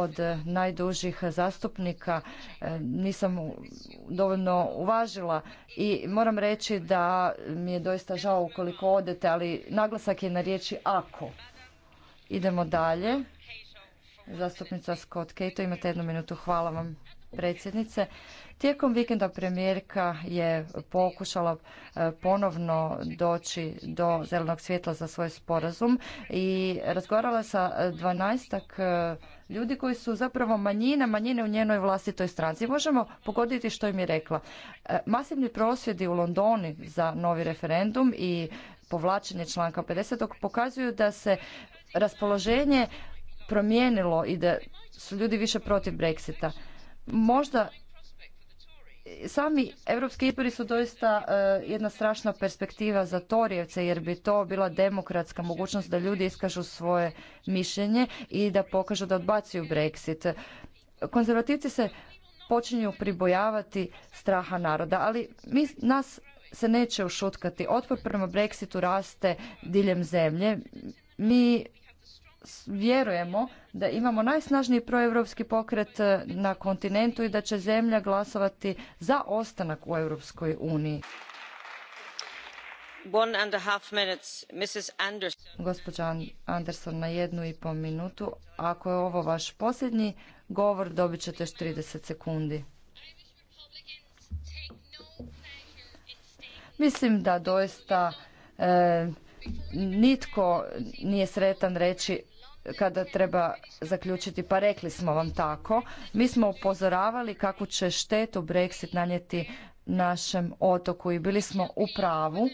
od najdužih zastupnika e, nisam dovoljno uvažila i moram reći da mi je doista žao ukoliko odete, ali naglasak je na riječi ako. Idemo dalje. Zastupnica Scott Cato, imate jednu minutu. Hvala vam predsjednice. Tijekom vikenda premijerka je pokušala e, ponovno doći do zelenog svjetla za svoj sporazum i razgovarala sa dvanaestak e, ljudi koji su zapravo manjina, manjine u njenoj vlastitoj stranci. Možemo pogoditi što im je rekla. E, masivni prosvjedi u Londoni za novi referendum i povlačenje članka 50. pokazuju da se raspoloženje promijenilo i da su ljudi više protiv Brexita možda sami europski izbori su doista e, jedna strašna perspektiva za Torijevce jer bi to bila demokratska mogućnost da ljudi iskažu svoje mišljenje i da pokažu da odbacuju Brexit. Konzervativci se počinju pribojavati straha naroda, ali mi, nas se neće ušutkati. Otpor prema Brexitu raste diljem zemlje. Mi vjerujemo da imamo najsnažniji proeuropski pokret eh, na kontinentu i da će zemlja glasovati za ostanak u Europskoj uniji. Anderson. Gospođa Anderson na jednu i pol minutu. Ako je ovo vaš posljednji govor, dobit ćete još 30 sekundi. Mislim da doista eh, nitko nije sretan reći kada treba zaključiti pa rekli smo vam tako. Mi smo upozoravali kako će štetu Brexit nanijeti našem otoku i bili smo u pravu.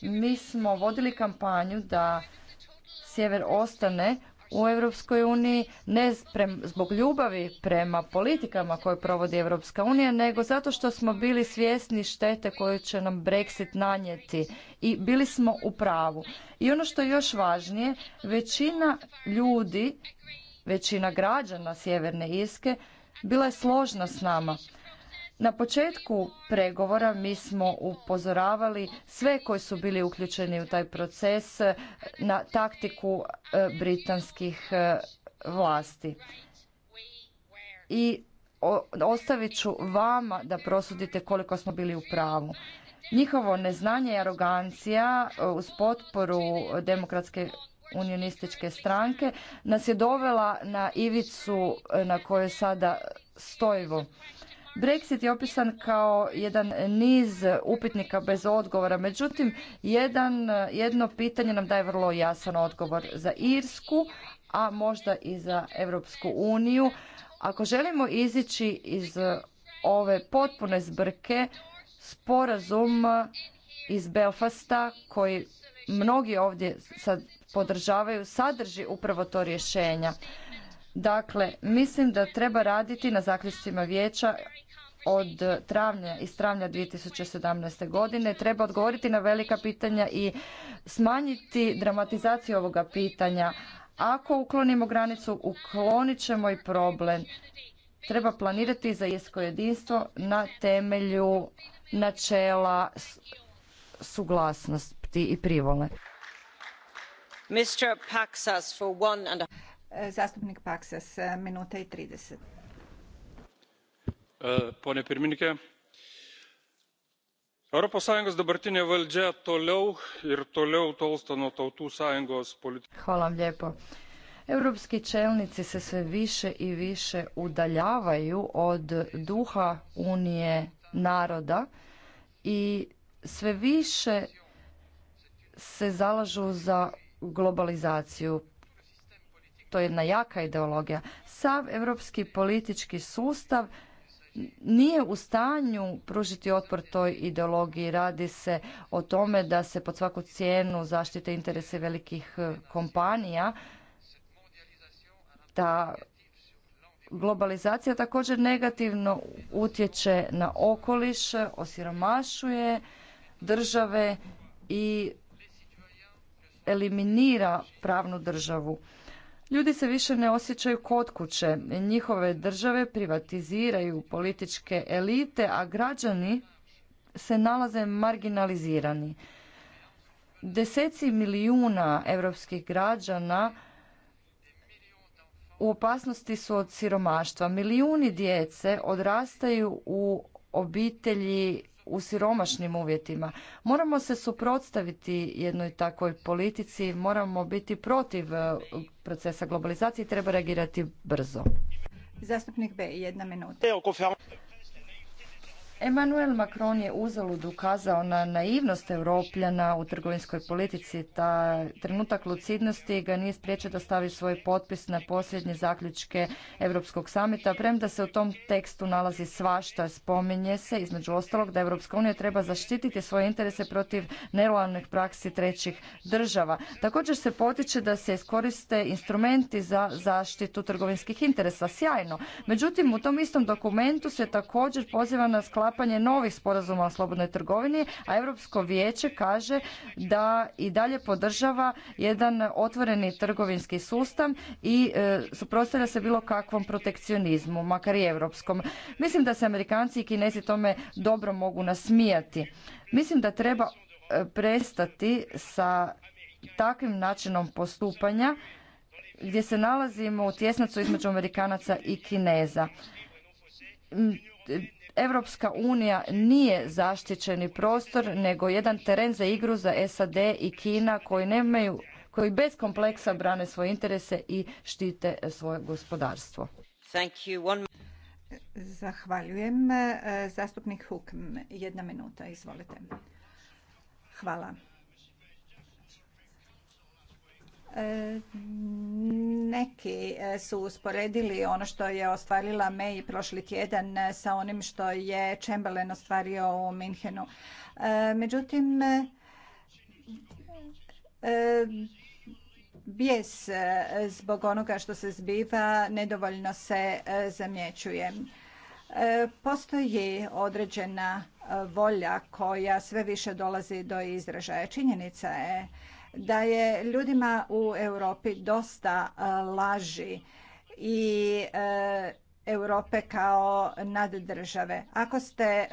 Mi smo vodili kampanju da sjever ostane u Europskoj uniji ne zbog ljubavi prema politikama koje provodi Europska unija, nego zato što smo bili svjesni štete koju će nam Brexit nanijeti i bili smo u pravu. I ono što je još važnije, većina ljudi, većina građana Sjeverne Irske bila je složna s nama. Na početku pregovora mi smo upozoravali sve koji su bili uključeni u taj proces e, na taktiku e, britanskih e, vlasti. I ostavit ću vama da prosudite koliko smo bili u pravu. Njihovo neznanje i arogancija uz potporu demokratske unionističke stranke nas je dovela na ivicu na kojoj sada stojimo. Brexit je opisan kao jedan niz upitnika bez odgovora, međutim jedan, jedno pitanje nam daje vrlo jasan odgovor za Irsku, a možda i za Europsku uniju. Ako želimo izići iz ove potpune zbrke, sporazum iz Belfasta koji mnogi ovdje sad podržavaju sadrži upravo to rješenja. Dakle, mislim da treba raditi na zaključcima vijeća od travnja iz travnja 2017. godine treba odgovoriti na velika pitanja i smanjiti dramatizaciju ovoga pitanja. Ako uklonimo granicu, uklonit ćemo i problem. Treba planirati za jesko jedinstvo na temelju načela suglasnosti i privole. Mr. Zastupnik Paksas, minuta i 30. E, pone pirmininkė, europos sąjungos dabartinė valdžia toliau ir toliau tolsta nuo tautų sąjungos politikos. Hvala vam lijepo. Europski čelnici se sve više i više udaljavaju od duha Unije naroda i sve više se zalažu za globalizaciju to je jedna jaka ideologija. Sav europski politički sustav nije u stanju pružiti otpor toj ideologiji. Radi se o tome da se pod svaku cijenu zaštite interese velikih e, kompanija. Ta globalizacija također negativno utječe na okoliš, osiromašuje države i eliminira pravnu državu. Ljudi se više ne osjećaju kod kuće, njihove države privatiziraju političke elite, a građani se nalaze marginalizirani. Deseci milijuna evropskih građana u opasnosti su od siromaštva. Milijuni djece odrastaju u obitelji u siromašnim uvjetima. Moramo se suprotstaviti jednoj takvoj politici, moramo biti protiv e, procesa globalizacije i treba reagirati brzo. Zastupnik B, jedna minuta. Emmanuel Macron je uzalud ukazao na naivnost Europljana u trgovinskoj politici. Ta trenutak lucidnosti ga nije spriječio da stavi svoj potpis na posljednje zaključke Europskog samita, premda se u tom tekstu nalazi svašta. Spominje se, između ostalog, da Europska unija treba zaštititi svoje interese protiv nelojalnih praksi trećih država. Također se potiče da se iskoriste instrumenti za zaštitu trgovinskih interesa. Sjajno. Međutim, u tom istom dokumentu se također poziva na sklad sklapanje novih sporazuma o slobodnoj trgovini, a Europsko vijeće kaže da i dalje podržava jedan otvoreni trgovinski sustav i e, suprotstavlja se bilo kakvom protekcionizmu, makar i europskom. Mislim da se Amerikanci i Kinezi tome dobro mogu nasmijati. Mislim da treba e, prestati sa takvim načinom postupanja gdje se nalazimo u tjesnacu između Amerikanaca i Kineza Europska unija nije zaštićeni prostor nego jedan teren za igru za SAD i Kina koji nemaju koji bez kompleksa brane svoje interese i štite svoje gospodarstvo. Zahvaljujem. Zastupnik Huk, jedna minuta, izvolite. Hvala. E, neki e, su usporedili ono što je ostvarila May prošli tjedan e, sa onim što je Chamberlain ostvario u Minhenu. Međutim, bijes zbog onoga što se zbiva nedovoljno se zamjećuje. Postoji određena volja koja sve više dolazi do izražaja. Činjenica je da je ljudima u Europi dosta e, laži i e, Europe kao naddržave. Ako ste e,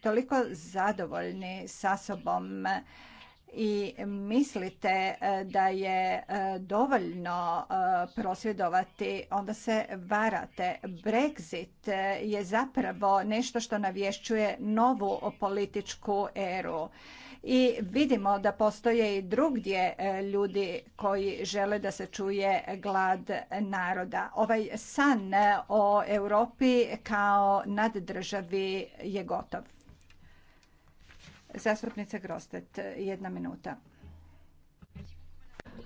toliko zadovoljni sa sobom i mislite da je dovoljno prosvjedovati, onda se varate. Brexit je zapravo nešto što navješćuje novu političku eru i vidimo da postoje i drugdje e, ljudi koji žele da se čuje glad naroda. Ovaj san e, o Europi kao naddržavi je gotov. Zastupnica Grostet, jedna minuta.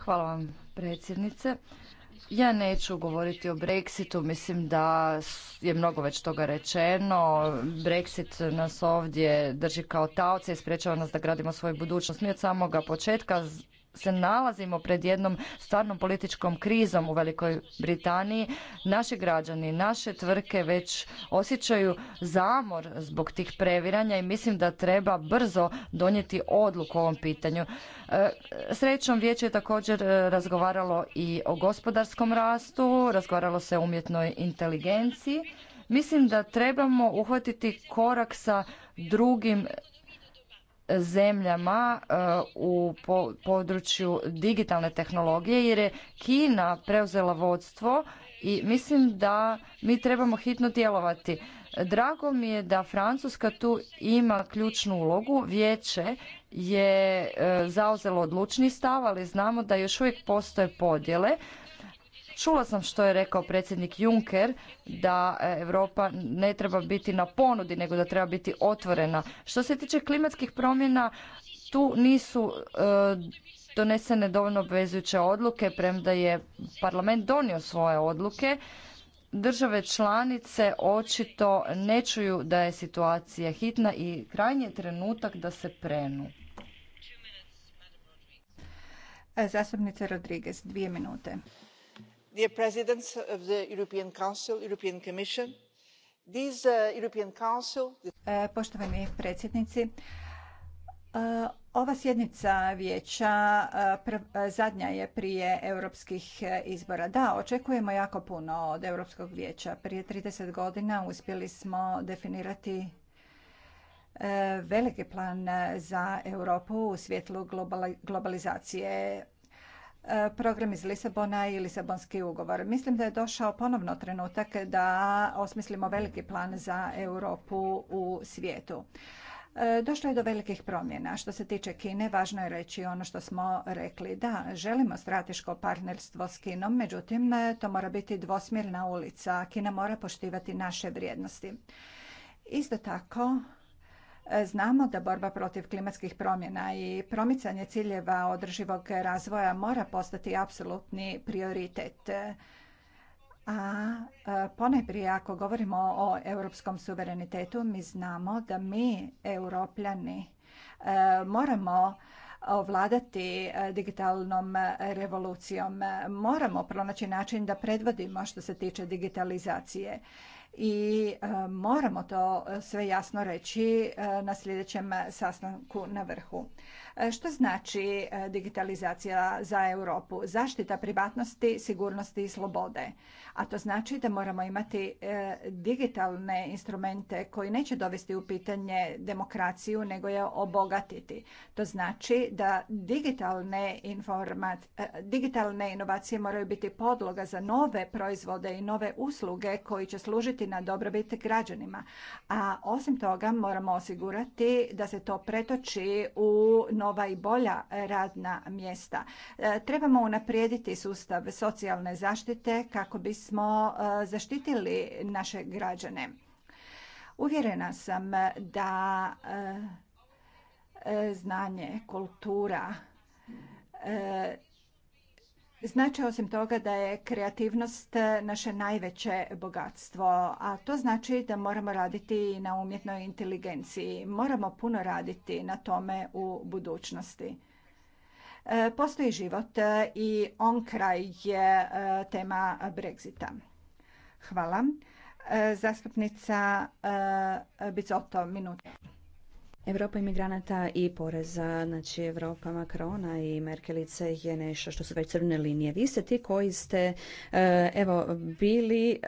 Hvala vam predsjednice. Ja neću govoriti o Brexitu, mislim da je mnogo već toga rečeno. Brexit nas ovdje drži kao taoce i sprečava nas da gradimo svoju budućnost. Mi od samoga početka se nalazimo pred jednom stvarnom političkom krizom u Velikoj Britaniji, naši građani, naše tvrtke već osjećaju zamor zbog tih previranja i mislim da treba brzo donijeti odluku o ovom pitanju. E, srećom, vijeće je također e, razgovaralo i o gospodarskom rastu, razgovaralo se o umjetnoj inteligenciji. Mislim da trebamo uhvatiti korak sa drugim zemljama e, u području digitalne tehnologije jer je Kina preuzela vodstvo i mislim da mi trebamo hitno djelovati. Drago mi je da Francuska tu ima ključnu ulogu. Vijeće je e, zauzelo odlučni stav, ali znamo da još uvijek postoje podjele. Čula sam što je rekao predsjednik Juncker da e, Europa ne treba biti na ponudi, nego da treba biti otvorena. Što se tiče klimatskih promjena, tu nisu e, donesene dovoljno obvezujuće odluke, premda je parlament donio svoje odluke. Države članice očito ne čuju da je situacija hitna i krajnji je trenutak da se prenu. E, zastupnice Rodriguez, dvije minute dear presidents of the european council european commission this uh, european council e, poštovani predsjednici e, ova sjednica vijeća e, zadnja je prije europskih izbora. Da, očekujemo jako puno od Europskog vijeća. Prije 30 godina uspjeli smo definirati veliki plan za Europu u svjetlu globalizacije program iz Lisabona i Lisabonski ugovor. Mislim da je došao ponovno trenutak da osmislimo veliki plan za Europu u svijetu. E, došlo je do velikih promjena. Što se tiče Kine, važno je reći ono što smo rekli. Da, želimo strateško partnerstvo s Kinom, međutim, e, to mora biti dvosmjerna ulica. Kina mora poštivati naše vrijednosti. Isto tako, Znamo da borba protiv klimatskih promjena i promicanje ciljeva održivog razvoja mora postati apsolutni prioritet. A e, ponajprije ako govorimo o europskom suverenitetu, mi znamo da mi, europljani, e, moramo ovladati e, digitalnom revolucijom. Moramo pronaći način da predvodimo što se tiče digitalizacije i e, moramo to e, sve jasno reći e, na sljedećem sastanku na vrhu. Što znači digitalizacija za Europu? Zaštita privatnosti, sigurnosti i slobode. A to znači da moramo imati digitalne instrumente koji neće dovesti u pitanje demokraciju, nego je obogatiti. To znači da digitalne, informat, digitalne inovacije moraju biti podloga za nove proizvode i nove usluge koji će služiti na dobrobit građanima. A osim toga moramo osigurati da se to pretoči u nova i bolja radna mjesta. E, trebamo unaprijediti sustav socijalne zaštite kako bismo e, zaštitili naše građane. Uvjerena sam da e, znanje, kultura, Znači osim toga da je kreativnost e, naše najveće bogatstvo, a to znači da moramo raditi na umjetnoj inteligenciji. Moramo puno raditi na tome u budućnosti. E, postoji život e, i on kraj je tema Brexita. Hvala. Zastupnica Bizoto, minuta. Evropa imigranata i poreza, znači Evropa, Makrona i Merkelice je nešto što su već crvene linije. Vi ste ti koji ste e, evo bili e,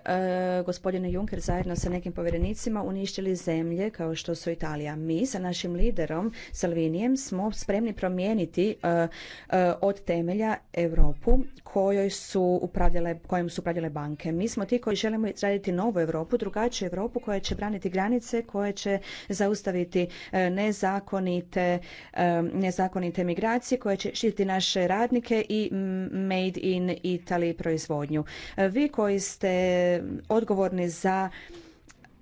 gospodine Juncker zajedno sa nekim povjerenicima uništili zemlje kao što su Italija. Mi sa našim liderom Salvinijem smo spremni promijeniti e, od temelja Europu kojoj su upravljale, kojom su upravljale banke. Mi smo ti koji želimo izraditi novu Europu, drugačiju Europu koja će braniti granice, koja će zaustaviti nezakonite, nezakonite migracije koje će štititi naše radnike i made in Italy proizvodnju. Vi koji ste odgovorni za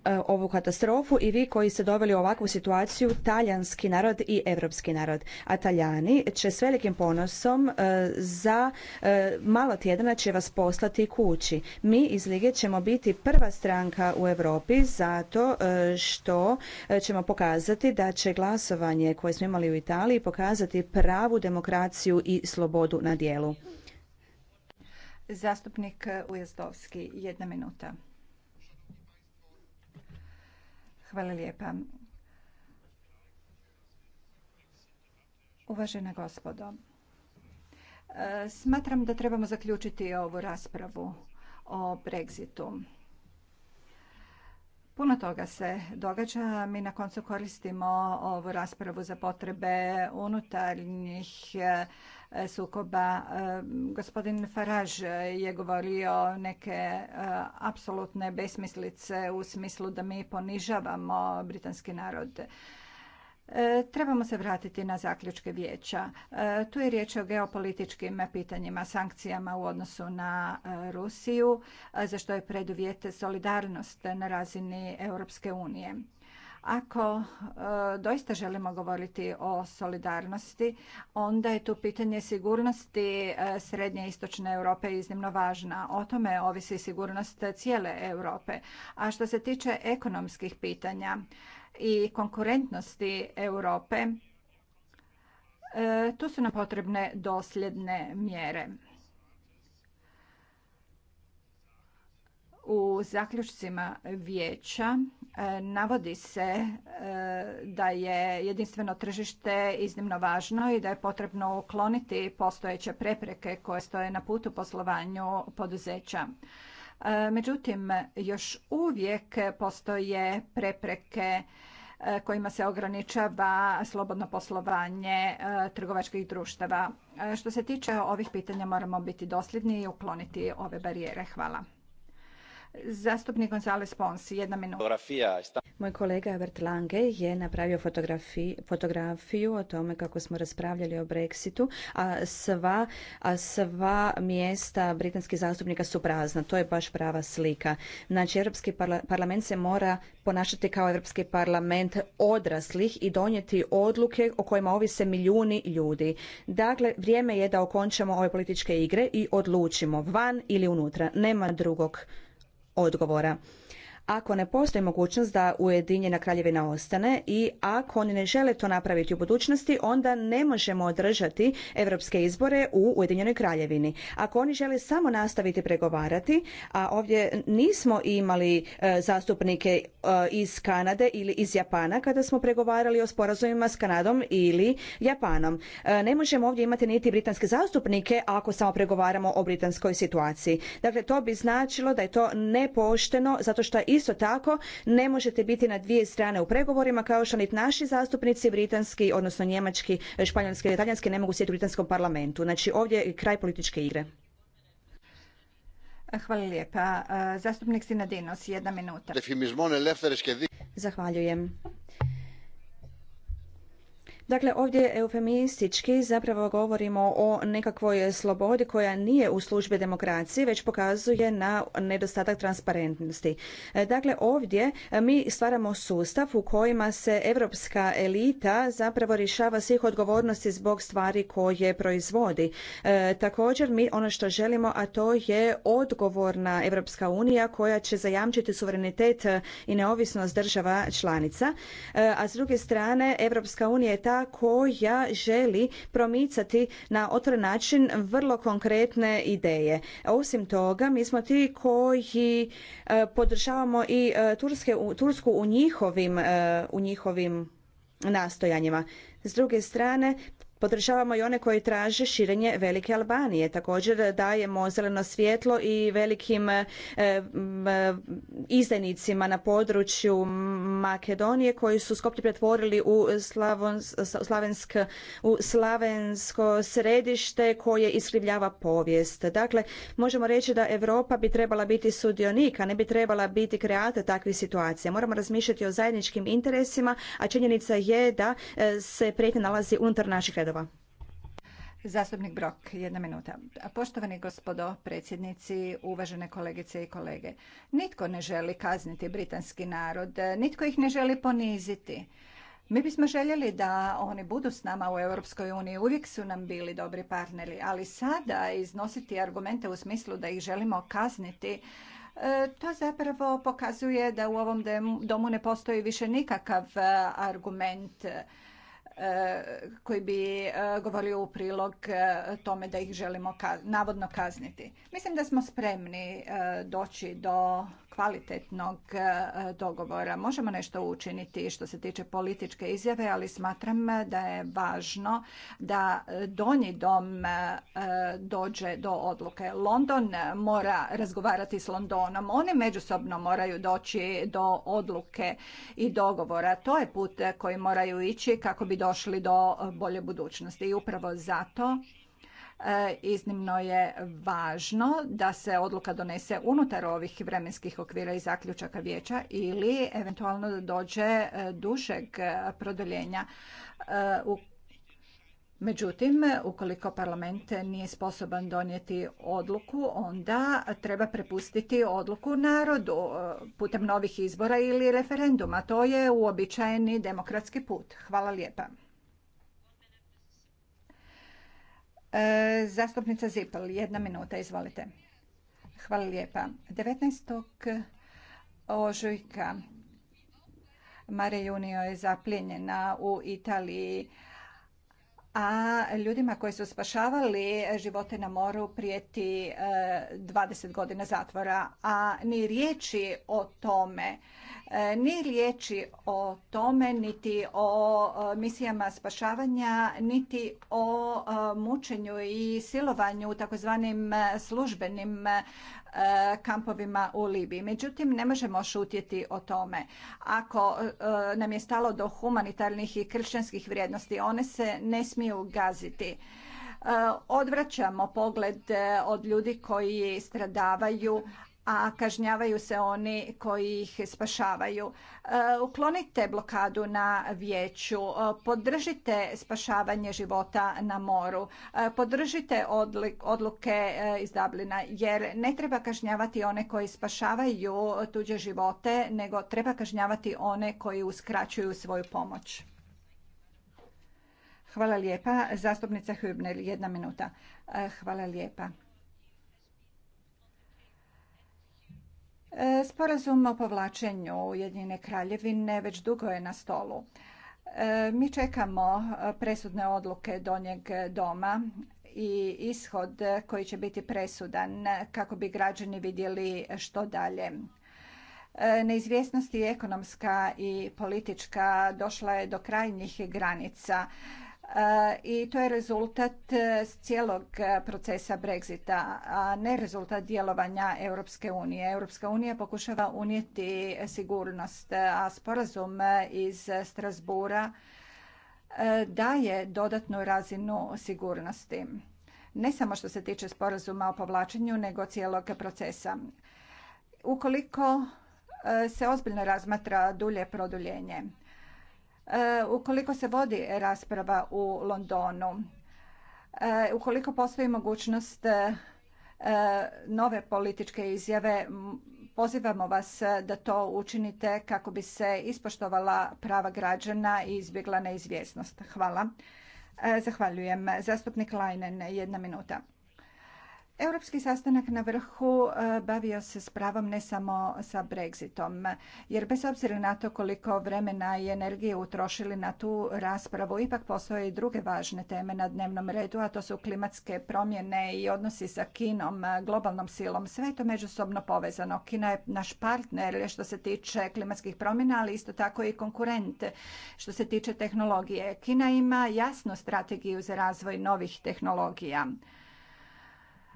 E, ovu katastrofu i vi koji ste doveli u ovakvu situaciju talijanski narod i europski narod. A talijani će s velikim ponosom e, za e, malo tjedana će vas poslati kući. Mi iz Lige ćemo biti prva stranka u Europi zato što ćemo pokazati da će glasovanje koje smo imali u Italiji pokazati pravu demokraciju i slobodu na dijelu. Zastupnik Ujazdovski, jedna minuta. Hvala lijepa. Uvažena gospodo, e, smatram da trebamo zaključiti ovu raspravu o Brexitu. Puno toga se događa. Mi na koncu koristimo ovu raspravu za potrebe unutarnjih E, sukoba. E, gospodin Farage je govorio neke e, apsolutne besmislice u smislu da mi ponižavamo britanski narod. Trebamo se vratiti na zaključke vijeća. Tu je riječ o geopolitičkim pitanjima, sankcijama u odnosu na Rusiju, za što je preduvjet solidarnost na razini Europske unije. Ako e, doista želimo govoriti o solidarnosti, onda je tu pitanje sigurnosti e, Srednje i Istočne Europe iznimno važna. O tome ovisi sigurnost cijele Europe. A što se tiče ekonomskih pitanja i konkurentnosti Europe, e, tu su nam potrebne dosljedne mjere. U zaključcima vijeća E, navodi se e, da je jedinstveno tržište iznimno važno i da je potrebno ukloniti postojeće prepreke koje stoje na putu poslovanju poduzeća. E, međutim, još uvijek postoje prepreke kojima se ograničava slobodno poslovanje trgovačkih društava. Što se tiče ovih pitanja moramo biti dosljedni i ukloniti ove barijere. Hvala. Zastupnik Gonzales Ponsi, jedna minuta. Moj kolega Evert Lange je napravio fotografiju o tome kako smo raspravljali o Brexitu, a sva, a sva mjesta britanskih zastupnika su prazna. To je baš prava slika. Znači, Europski parlament se mora ponašati kao Europski parlament odraslih i donijeti odluke o kojima ovise milijuni ljudi. Dakle, vrijeme je da okončamo ove političke igre i odlučimo van ili unutra. Nema drugog odgovora ako ne postoji mogućnost da Ujedinjena kraljevina ostane i ako oni ne žele to napraviti u budućnosti, onda ne možemo održati europske izbore u Ujedinjenoj kraljevini. Ako oni žele samo nastaviti pregovarati, a ovdje nismo imali e, zastupnike e, iz Kanade ili iz Japana kada smo pregovarali o sporazumima s Kanadom ili Japanom. E, ne možemo ovdje imati niti britanske zastupnike ako samo pregovaramo o britanskoj situaciji. Dakle, to bi značilo da je to nepošteno zato što Isto tako, ne možete biti na dvije strane u pregovorima kao što ni naši zastupnici britanski, odnosno njemački, španjolski ili talijanski ne mogu sjediti u britanskom parlamentu. Znači ovdje je kraj političke igre. Hvala lijepa. Zastupnik Sinadinos, jedna minuta. Zahvaljujem. Dakle, ovdje eufemistički zapravo govorimo o nekakvoj slobodi koja nije u službi demokracije, već pokazuje na nedostatak transparentnosti. E, dakle, ovdje mi stvaramo sustav u kojima se europska elita zapravo rješava svih odgovornosti zbog stvari koje proizvodi. E, također, mi ono što želimo, a to je odgovorna Europska unija koja će zajamčiti suverenitet i neovisnost država članica, e, a s druge strane Evropska unija je ta koja želi promicati na otvoren način vrlo konkretne ideje. Osim toga, mi smo ti koji e, podržavamo i e, Turske, Tursku u njihovim, e, u njihovim nastojanjima. S druge strane, Podržavamo i one koji traže širenje Velike Albanije. Također dajemo zeleno svjetlo i velikim e, e, izdajnicima na području Makedonije koji su Skoplje pretvorili u, slavensko središte koje iskrivljava povijest. Dakle, možemo reći da Europa bi trebala biti sudionik, a ne bi trebala biti kreator takvih situacija. Moramo razmišljati o zajedničkim interesima, a činjenica je da e, se prijetnja nalazi unutar naših redova. Zastupnik Brok, jedna minuta. Poštovani gospodo predsjednici, uvažene kolegice i kolege. Nitko ne želi kazniti britanski narod, nitko ih ne želi poniziti. Mi bismo željeli da oni budu s nama u Europskoj uniji, uvijek su nam bili dobri partneri, ali sada iznositi argumente u smislu da ih želimo kazniti, e, to zapravo pokazuje da u ovom domu ne postoji više nikakav e, argument Eh, koji bi eh, govorio u prilog eh, tome da ih želimo navodno kazniti. Mislim da smo spremni doći do kvalitetnog e, dogovora. Možemo nešto učiniti što se tiče političke izjave, ali smatram da je važno da donji dom e, dođe do odluke. London mora razgovarati s Londonom. Oni međusobno moraju doći do odluke i dogovora. To je put koji moraju ići kako bi došli do bolje budućnosti. I upravo zato E, iznimno je važno da se odluka donese unutar ovih vremenskih okvira i zaključaka vijeća ili eventualno da dođe e, dužeg e, produljenja u Međutim, ukoliko parlament nije sposoban donijeti odluku, onda treba prepustiti odluku narodu putem novih izbora ili referenduma. To je uobičajeni demokratski put. Hvala lijepa. E, zastupnica Zipel, jedna minuta, izvolite. Hvala lijepa. 19. ožujka Mare Junio je zapljenjena u Italiji, a ljudima koji su spašavali živote na moru prijeti 20 e, godina zatvora, a ni riječi o tome E, ni riječi o tome, niti o misijama spašavanja, niti o mučenju i silovanju u takozvanim e, službenim e, kampovima u Libiji. Međutim, ne možemo šutjeti o tome. Ako nam je stalo do humanitarnih i kršćanskih vrijednosti, one se ne smiju gaziti odvraćamo pogled od ljudi koji stradavaju a kažnjavaju se oni koji ih spašavaju. E, uklonite blokadu na vijeću, e, podržite spašavanje života na moru, e, podržite odluke iz Dublina jer ne treba kažnjavati one koji spašavaju tuđe živote, nego treba kažnjavati one koji uskraćuju svoju pomoć. Hvala lijepa. Zastupnica Hübner, jedna minuta. Hvala lijepa. Sporazum o povlačenju Ujedinjene kraljevine već dugo je na stolu. E, mi čekamo presudne odluke donjeg doma i ishod koji će biti presudan kako bi građani vidjeli što dalje. E, neizvjesnost i ekonomska i politička došla je do krajnjih granica i to je rezultat e, cijelog e, procesa Brexita, a ne rezultat djelovanja Europske unije. Europska unija pokušava unijeti sigurnost, e, a sporazum iz Strasbura daje dodatnu razinu sigurnosti. Ne samo što se tiče sporazuma o povlačenju, nego cijelog procesa. Ukoliko se ozbiljno razmatra dulje produljenje, E, ukoliko se vodi rasprava u Londonu, e, ukoliko postoji mogućnost e, nove političke izjave, pozivamo vas da to učinite kako bi se ispoštovala prava građana i izbjegla neizvjesnost. Hvala. Zahvaljujem. Zastupnik Leinen, jedna minuta. Europski sastanak na vrhu e, bavio se s pravom ne samo sa Brexitom, jer bez obzira na to koliko vremena i energije utrošili na tu raspravu, ipak postoje i druge važne teme na dnevnom redu, a to su klimatske promjene i odnosi sa Kinom, globalnom silom. Sve je to međusobno povezano. Kina je naš partner što se tiče klimatskih promjena, ali isto tako i konkurent što se tiče tehnologije. Kina ima jasnu strategiju za razvoj novih tehnologija.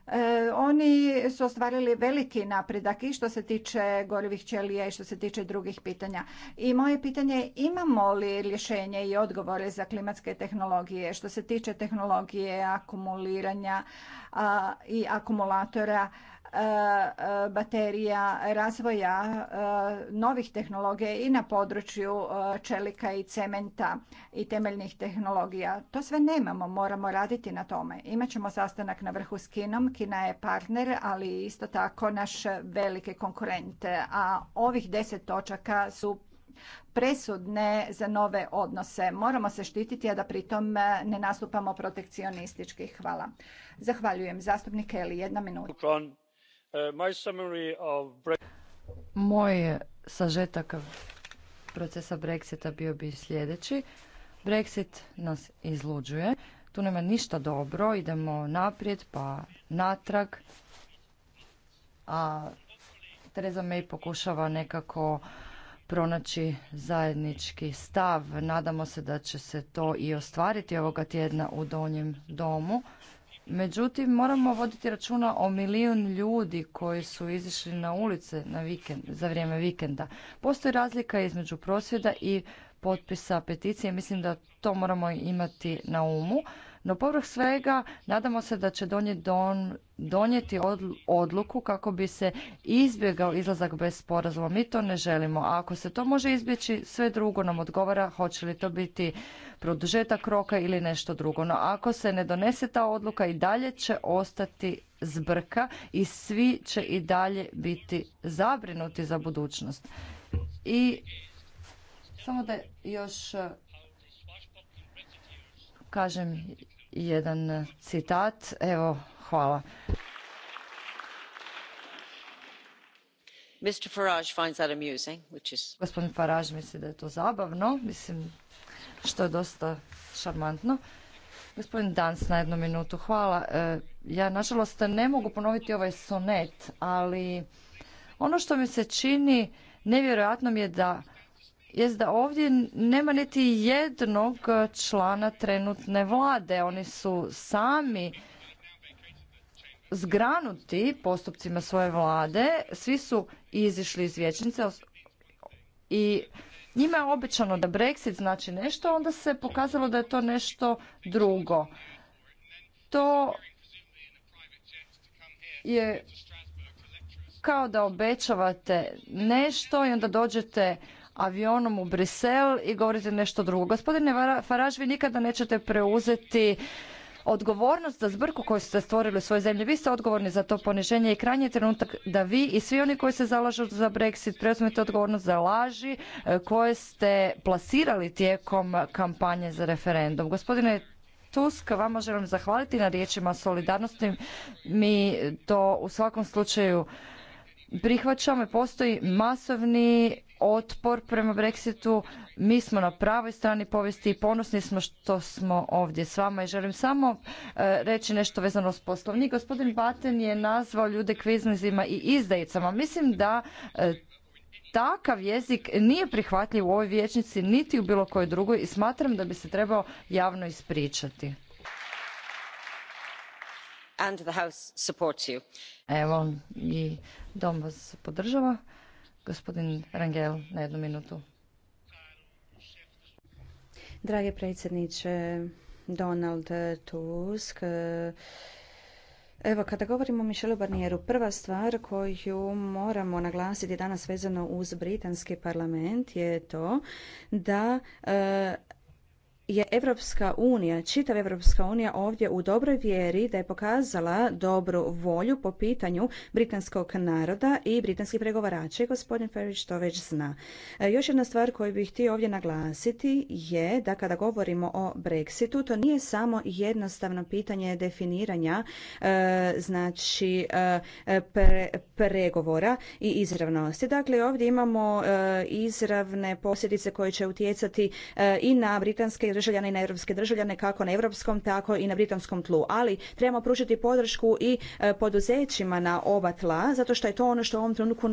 E, oni su ostvarili veliki napredak i što se tiče gorivih ćelija i što se tiče drugih pitanja. I moje pitanje je imamo li rješenje i odgovore za klimatske tehnologije što se tiče tehnologije akumuliranja i akumulatora Eh, baterija, razvoja eh, novih tehnologija i na području eh, čelika i cementa i temeljnih tehnologija. To sve nemamo, moramo raditi na tome. Imaćemo sastanak na vrhu s Kinom, Kina je partner, ali isto tako naš velike konkurente. A ovih deset točaka su presudne za nove odnose. Moramo se štititi, a da pritom ne nastupamo protekcionistički. Hvala. Zahvaljujem. Zastupnik Eli, jedna minuta. Uh, Moj sažetak procesa Brexita bio bi sljedeći. Brexit nas izluđuje. Tu nema ništa dobro. Idemo naprijed pa natrag. A Teresa May pokušava nekako pronaći zajednički stav. Nadamo se da će se to i ostvariti ovoga tjedna u Donjem domu. Međutim, moramo voditi računa o milijun ljudi koji su izišli na ulice na vikend, za vrijeme vikenda. Postoji razlika između prosvjeda i potpisa peticije. Mislim da to moramo imati na umu. No povrh svega nadamo se da će donijeti odluku kako bi se izbjegao izlazak bez sporazuma. Mi to ne želimo. ako se to može izbjeći, sve drugo nam odgovara hoće li to biti produžetak roka ili nešto drugo. No ako se ne donese ta odluka i dalje će ostati zbrka i svi će i dalje biti zabrinuti za budućnost. I samo da još eh, kažem jedan citat. Evo, hvala. Mr. Farage finds that amusing, which is... Gospodin Farage misli da je to zabavno, mislim, što je dosta šarmantno. Gospodin Dans na jednu minutu, hvala. E, ja nažalost ne mogu ponoviti ovaj sonet, ali ono što mi se čini nevjerojatno mi je da jest da ovdje nema niti jednog člana trenutne vlade. Oni su sami zgranuti postupcima svoje vlade. Svi su izišli iz vječnice i njima je obećano da Brexit znači nešto, onda se pokazalo da je to nešto drugo. To je kao da obećavate nešto i onda dođete avionom u Brisel i govorite nešto drugo. Gospodine Faraž, vi nikada nećete preuzeti odgovornost za zbrku koju ste stvorili u svojoj zemlji. Vi ste odgovorni za to poniženje i krajnji trenutak da vi i svi oni koji se zalažu za Brexit preuzmete odgovornost za laži e, koje ste plasirali tijekom kampanje za referendum. Gospodine Tusk, vama želim zahvaliti na riječima solidarnosti. Mi to u svakom slučaju prihvaćamo. Postoji masovni otpor prema Brexitu. Mi smo na pravoj strani povijesti i ponosni smo što smo ovdje s vama i želim samo e, reći nešto vezano s poslovnik. Gospodin Baten je nazvao ljude kviznizima i izdajicama. Mislim da e, takav jezik nije prihvatljiv u ovoj vijećnici niti u bilo kojoj drugoj i smatram da bi se trebao javno ispričati. Evo, dom vas podržava. Gospodin Rangel, na jednu minutu. Dragi predsjedniče Donald Tusk, Evo, kada govorimo o Michelu Barnieru, prva stvar koju moramo naglasiti danas vezano uz britanski parlament je to da e, je Evropska unija, čitav Evropska unija ovdje u dobroj vjeri da je pokazala dobru volju po pitanju britanskog naroda i britanskih pregovarača i gospodin Ferić to već zna. E, još jedna stvar koju bih htio ovdje naglasiti je da kada govorimo o Brexitu, to nije samo jednostavno pitanje definiranja e, znači e, pregovora i izravnosti. Dakle, ovdje imamo izravne posljedice koje će utjecati i na britanske državljane i na europske državljane kako na europskom tako i na britanskom tlu. Ali trebamo pružiti podršku i e, poduzećima na oba tla zato što je to ono što u ovom trenutku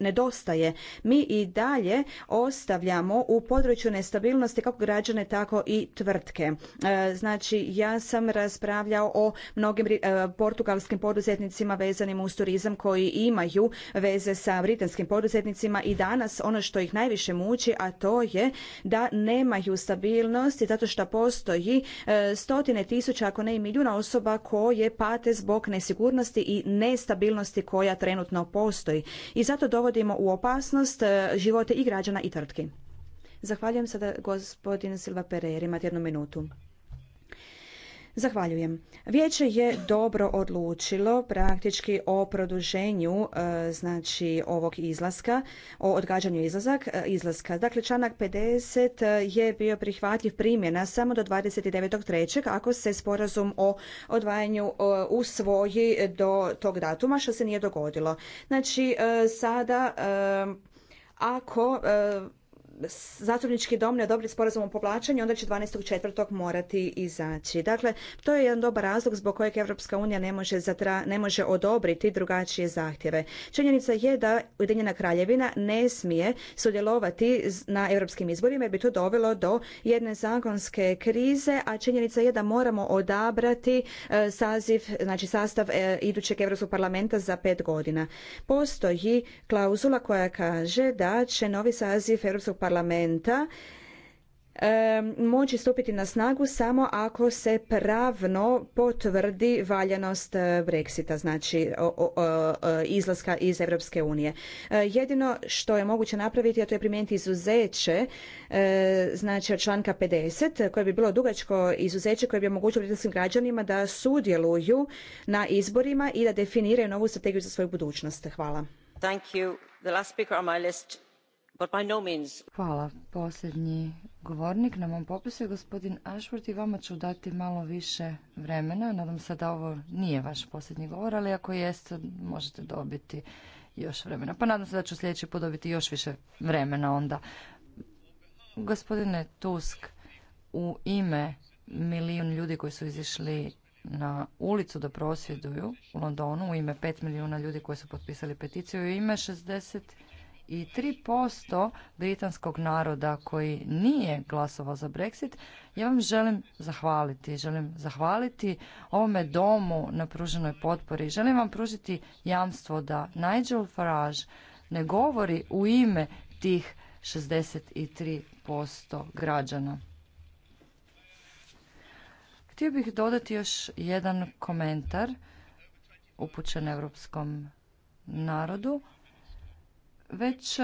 nedostaje. Mi i dalje ostavljamo u području nestabilnosti kako građane tako i tvrtke. E, znači ja sam raspravljao o mnogim e, portugalskim poduzetnicima vezanim uz turizam koji imaju veze sa britanskim poduzetnicima i danas ono što ih najviše muči a to je da nemaju stabilnost javnosti zato što postoji e, stotine tisuća, ako ne i milijuna osoba koje pate zbog nesigurnosti i nestabilnosti koja trenutno postoji. I zato dovodimo u opasnost e, živote i građana i tvrtki. Zahvaljujem sada gospodin Silva Pereira, imate jednu minutu. Zahvaljujem. Vijeće je dobro odlučilo praktički o produženju e, znači ovog izlaska, o odgađanju izlazak, e, izlaska. Dakle, članak 50 e, je bio prihvatljiv primjena samo do 29.3. ako se sporazum o odvajanju usvoji do tog datuma, što se nije dogodilo. Znači, sada ako zastupnički dom ne odobri sporazum o povlačenju, onda će 12.4. morati izaći. Dakle, to je jedan dobar razlog zbog kojeg Europska unija ne može, ne odobriti drugačije zahtjeve. Činjenica je da Ujedinjena kraljevina ne smije sudjelovati na europskim izborima jer bi to dovelo do jedne zakonske krize, a činjenica je da moramo odabrati e, saziv, znači sastav e, idućeg Europskog parlamenta za pet godina. Postoji klauzula koja kaže da će novi saziv Europskog parlamenta parlamenta moći stupiti na snagu samo ako se pravno potvrdi valjanost e, Brexita, znači e, izlaska iz Europske unije. E, jedino što je moguće napraviti, a to je primijeniti izuzeće, znači od članka 50, koje bi bilo dugačko izuzeće koje bi omogućilo britanskim građanima da sudjeluju na izborima i da definiraju novu strategiju za svoju budućnost. Hvala. Thank Hvala. Posljednji govornik na mom popisu je gospodin Ashford i vama ću dati malo više vremena. Nadam se da ovo nije vaš posljednji govor, ali ako jeste možete dobiti još vremena. Pa nadam se da ću sljedeći put dobiti još više vremena onda. Gospodine Tusk, u ime milijun ljudi koji su izišli na ulicu da prosvjeduju u Londonu, u ime pet milijuna ljudi koji su potpisali peticiju, u ime 60 i 3% britanskog naroda koji nije glasovao za Brexit, ja vam želim zahvaliti. Želim zahvaliti ovome domu na pruženoj potpori. Želim vam pružiti jamstvo da Nigel Farage ne govori u ime tih 63% građana. Htio bih dodati još jedan komentar upućen europskom narodu već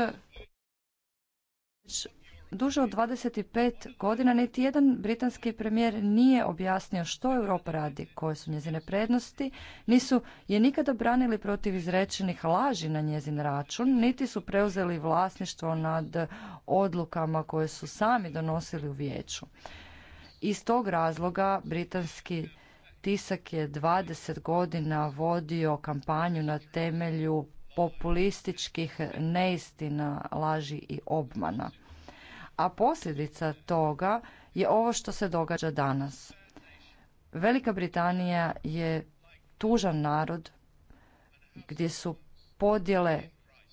duže od 25 godina niti jedan britanski premijer nije objasnio što Europa radi, koje su njezine prednosti, nisu je nikada branili protiv izrečenih laži na njezin račun, niti su preuzeli vlasništvo nad odlukama koje su sami donosili u vijeću. Iz tog razloga britanski tisak je 20 godina vodio kampanju na temelju populističkih neistina, laži i obmana. A posljedica toga je ovo što se događa danas. Velika Britanija je tužan narod gdje su podjele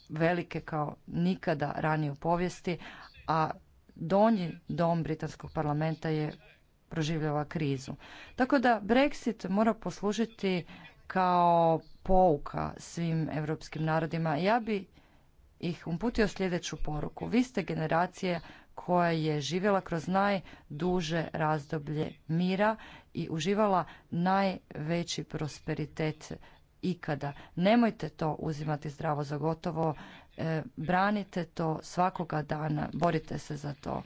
velike kao nikada ranije u povijesti, a donji dom britanskog parlamenta je proživljava krizu. Tako da Brexit mora poslužiti kao pouka svim europskim narodima. Ja bi ih uputio sljedeću poruku. Vi ste generacija koja je živjela kroz najduže razdoblje mira i uživala najveći prosperitet ikada. Nemojte to uzimati zdravo za gotovo, e, branite to svakoga dana, borite se za to.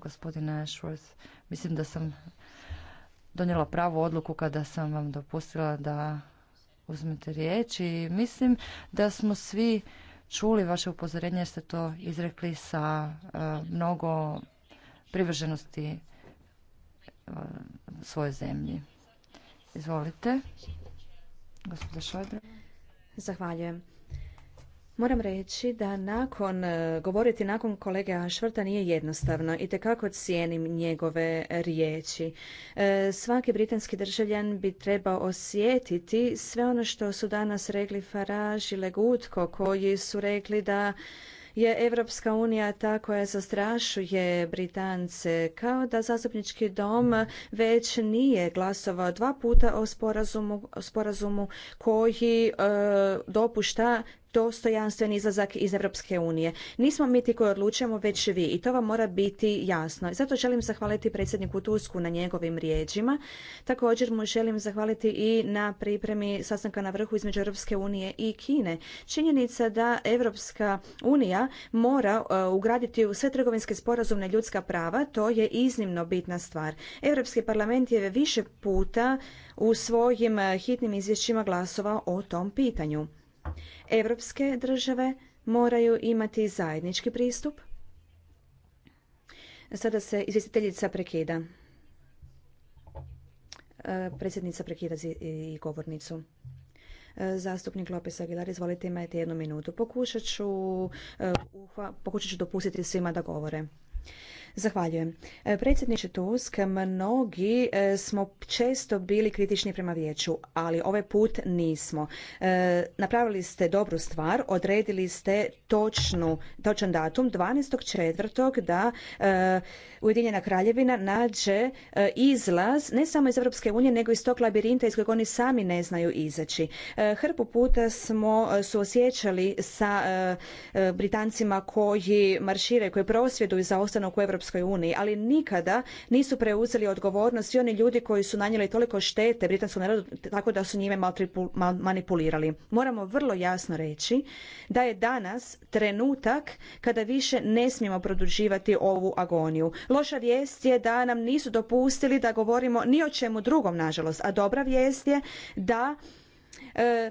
gospodine Ashworth. Mislim da sam donijela pravu odluku kada sam vam dopustila da uzmete riječ i mislim da smo svi čuli vaše upozorenje jer ste to izrekli sa e, mnogo privrženosti e, svojoj zemlji. Izvolite. Gospodin Šojdra. Zahvaljujem. Moram reći da nakon, e, govoriti nakon kolege Ašvrta nije jednostavno i tekako cijenim njegove riječi. E, svaki britanski državljan bi trebao osjetiti sve ono što su danas rekli Faraž i Legutko koji su rekli da je Evropska unija ta koja zastrašuje Britance, kao da zastupnički dom već nije glasovao dva puta o sporazumu, koji e, dopušta dostojanstven izlazak iz Europske unije. Nismo mi ti koji odlučujemo, već vi i to vam mora biti jasno. zato želim zahvaliti predsjedniku Tusku na njegovim riječima. Također mu želim zahvaliti i na pripremi sastanka na vrhu između Europske unije i Kine. Činjenica da Europska unija mora e, ugraditi u sve trgovinske sporazumne ljudska prava, to je iznimno bitna stvar. Europski parlament je više puta u svojim e, hitnim izvješćima glasovao o tom pitanju. Europske države moraju imati zajednički pristup. Sada se izvjestiteljica prekida. E, predsjednica prekida i govornicu. E, zastupnik Lopes Aguilar, izvolite, imajte jednu minutu. Pokušat e, pokušat ću dopustiti svima da govore. Zahvaljujem. E, predsjedniče Tusk, mnogi e, smo često bili kritični prema vijeću, ali ovaj put nismo. E, napravili ste dobru stvar, odredili ste točnu, točan datum 12.4. da Ujedinjena kraljevina nađe izlaz ne samo iz Europske unije, nego iz tog labirinta iz kojeg oni sami ne znaju izaći. Hrpu puta smo suosjećali sa Britancima koji marširaju, koji prosvjeduju za ostanak u EU Europskoj uniji, ali nikada nisu preuzeli odgovornost i oni ljudi koji su nanijeli toliko štete britanskom narodu tako da su njime manipulirali. Moramo vrlo jasno reći da je danas trenutak kada više ne smijemo produživati ovu agoniju. Loša vijest je da nam nisu dopustili da govorimo ni o čemu drugom, nažalost, a dobra vijest je da e,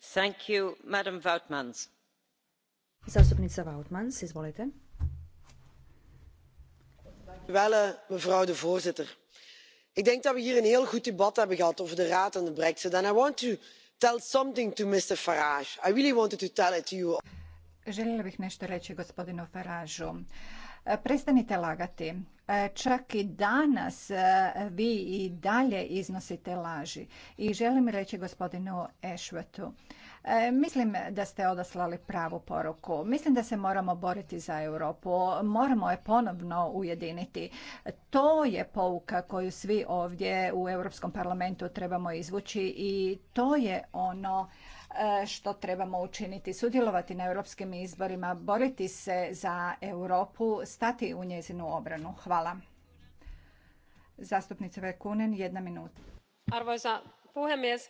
Thank you, Madam Vautmans. Zastupnica Vautmans, izvolite. Hvala, eh, mevrouw de voorzitter. Ik denk dat we hier een heel goed debat hebben gehad over de Raad en de Brexit. And I want to tell something to Mr. Farage. I really wanted to tell it to you. Željela bih nešto reći gospodinu Farageu. Eh, prestanite lagati. E, čak i danas e, vi i dalje iznosite laži. I želim reći gospodinu Ešvetu, e, Mislim da ste odaslali pravu poruku. Mislim da se moramo boriti za Europu. Moramo je ponovno ujediniti. To je pouka koju svi ovdje u Europskom parlamentu trebamo izvući i to je ono E, što trebamo učiniti. Sudjelovati na europskim izborima, boriti se za Europu, stati u njezinu obranu. Hvala. Zastupnica Vekunen, jedna minuta. Arvoisa puhemies,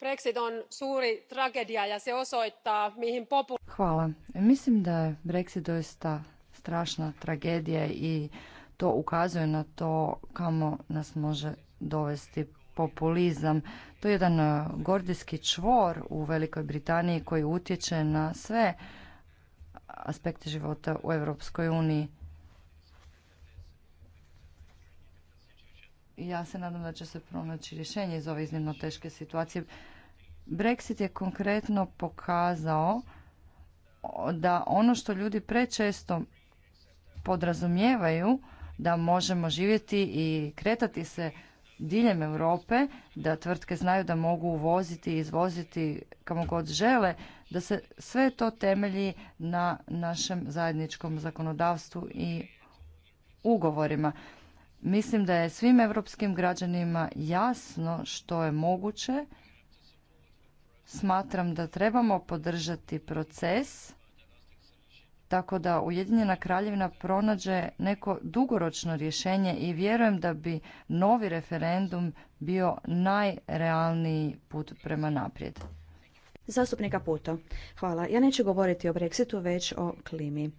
Brexit on suuri tragedija ja se osoittaa mihin popu... Hvala. Mislim da je Brexit doista strašna tragedija i to ukazuje na to kamo nas može dovesti populizam. To je jedan e, gordijski čvor u Velikoj Britaniji koji utječe na sve aspekte života u Europskoj uniji. Ja se nadam da će se pronaći rješenje iz ove iznimno teške situacije. Brexit je konkretno pokazao da ono što ljudi prečesto podrazumijevaju da možemo živjeti i kretati se diljem Europe, da tvrtke znaju da mogu uvoziti i izvoziti kamo god žele, da se sve to temelji na našem zajedničkom zakonodavstvu i ugovorima. Mislim da je svim europskim građanima jasno što je moguće. Smatram da trebamo podržati proces tako da Ujedinjena kraljevina pronađe neko dugoročno rješenje i vjerujem da bi novi referendum bio najrealniji put prema naprijed. Zastupnika Puto, hvala. Ja neću govoriti o Brexitu, već o klimi.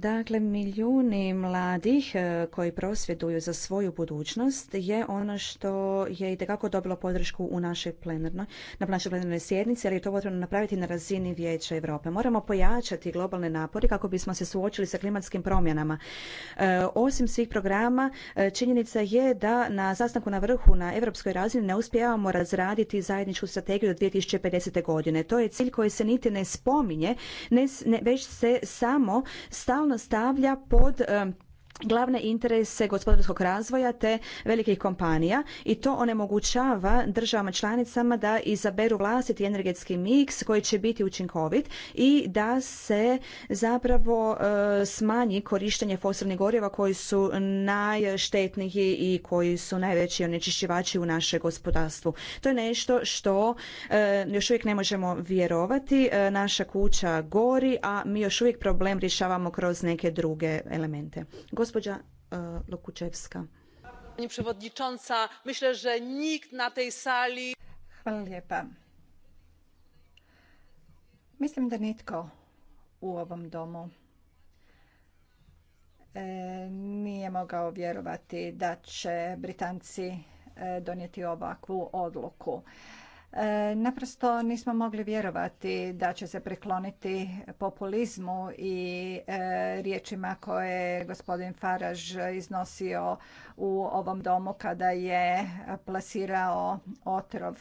Dakle, milijuni mladih e, koji prosvjeduju za svoju budućnost je ono što je itekako dobilo podršku u našoj plenarnoj, na našoj plenarnoj sjednici, ali je to potrebno napraviti na razini Vijeća Europe. Moramo pojačati globalne napore kako bismo se suočili sa klimatskim promjenama. E, osim svih programa, e, činjenica je da na sastanku na vrhu na europskoj razini ne uspijevamo razraditi zajedničku strategiju do 2050. godine. To je cilj koji se niti ne spominje, ne, ne, već se samo stalno nastavlja stavlja pod glavne interese gospodarskog razvoja te velikih kompanija i to onemogućava državama članicama da izaberu vlastiti energetski miks koji će biti učinkovit i da se zapravo e, smanji korištenje fosilnih goriva koji su najštetniji i koji su najveći onečišćivači u našem gospodarstvu. To je nešto što e, još uvijek ne možemo vjerovati. E, naša kuća gori, a mi još uvijek problem rješavamo kroz neke druge elemente. Gospođa e, Lokučevska. Hvala lijepa. Mislim da nitko u ovom domu e, nije mogao vjerovati da će Britanci e, donijeti ovakvu odluku. E, naprosto nismo mogli vjerovati da će se prekloniti populizmu i e, riječima koje je gospodin Faraž iznosio u ovom domu kada je plasirao otrov.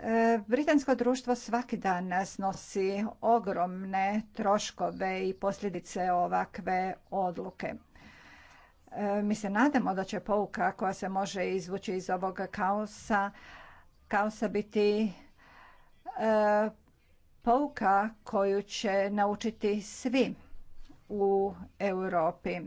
E, britansko društvo svaki dan nosi ogromne troškove i posljedice ovakve odluke. E, mi se nadamo da će pouka koja se može izvući iz ovoga kaosa, kaosa biti e, pouka koju će naučiti svi u Europi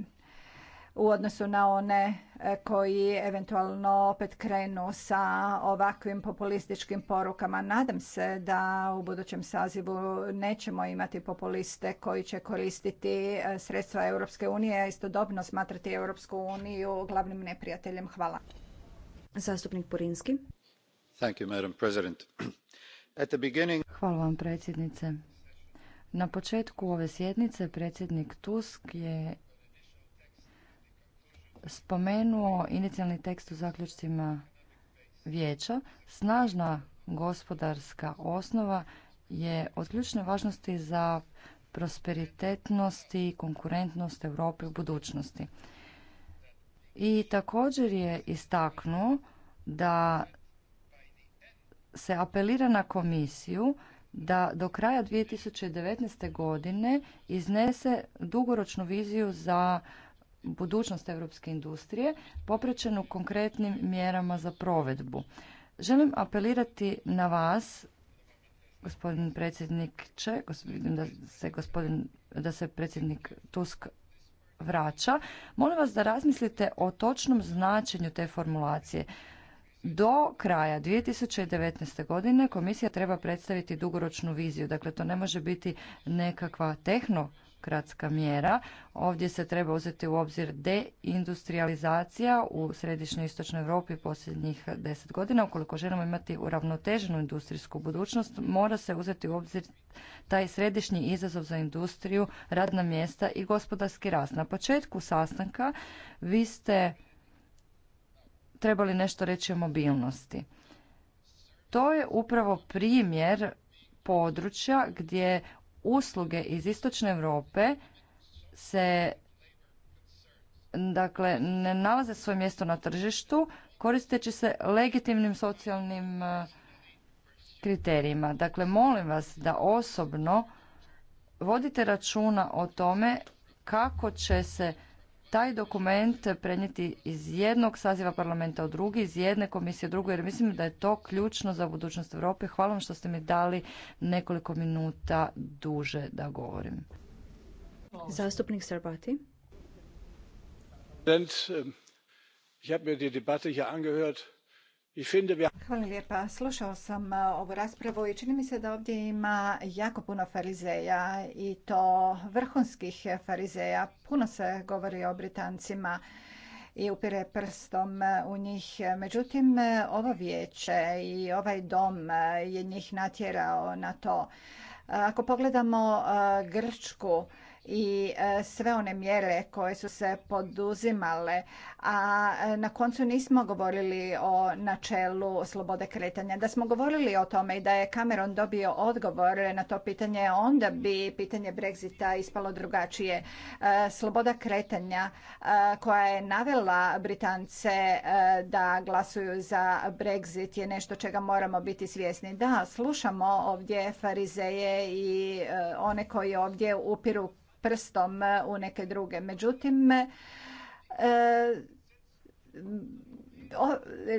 u odnosu na one e, koji eventualno opet krenu sa ovakvim populističkim porukama. Nadam se da u budućem sazivu nećemo imati populiste koji će koristiti e, sredstva Europske unije, a istodobno smatrati Europsku uniju glavnim neprijateljem. Hvala. Zastupnik Purinski. Thank you, Madam President. At the beginning... Hvala vam predsjednice. Na početku ove sjednice predsjednik Tusk je spomenuo inicijalni tekst u zaključcima vijeća, snažna gospodarska osnova je od ključne važnosti za prosperitetnost i konkurentnost Europe u budućnosti. I također je istaknuo da se apelira na komisiju da do kraja 2019. godine iznese dugoročnu viziju za budućnost europske industrije popraćenu konkretnim mjerama za provedbu. Želim apelirati na vas, gospodin predsjednik vidim da se, gospodin, da se predsjednik Tusk vraća. Molim vas da razmislite o točnom značenju te formulacije. Do kraja 2019. godine komisija treba predstaviti dugoročnu viziju. Dakle, to ne može biti nekakva tehno kratka mjera. Ovdje se treba uzeti u obzir deindustrializacija u središnjoj istočnoj Europi posljednjih deset godina. Ukoliko želimo imati uravnoteženu industrijsku budućnost, mora se uzeti u obzir taj središnji izazov za industriju, radna mjesta i gospodarski rast. Na početku sastanka vi ste trebali nešto reći o mobilnosti. To je upravo primjer područja gdje usluge iz istočne Europe se dakle ne nalaze svoje mjesto na tržištu koristeći se legitimnim socijalnim e, kriterijima. Dakle, molim vas da osobno vodite računa o tome kako će se taj dokument prenijeti iz jednog saziva parlamenta u drugi, iz jedne komisije u drugu, jer mislim da je to ključno za budućnost Europe. Hvala vam što ste mi dali nekoliko minuta duže da govorim. Zastupnik Sarbati. Eh, ich habe Hvala lijepa. Slušao sam ovu raspravu i čini mi se da ovdje ima jako puno farizeja i to vrhunskih farizeja. Puno se govori o Britancima i upire prstom u njih. Međutim, ovo vijeće i ovaj dom je njih natjerao na to. Ako pogledamo Grčku, i e, sve one mjere koje su se poduzimale, a e, na koncu nismo govorili o načelu slobode kretanja. Da smo govorili o tome i da je Cameron dobio odgovor na to pitanje, onda bi pitanje Brexita ispalo drugačije. E, sloboda kretanja koja je navela Britance da glasuju za Brexit je nešto čega moramo biti svjesni. Da, slušamo ovdje farizeje i one koji ovdje upiru prstom e, u neke druge. Međutim, e,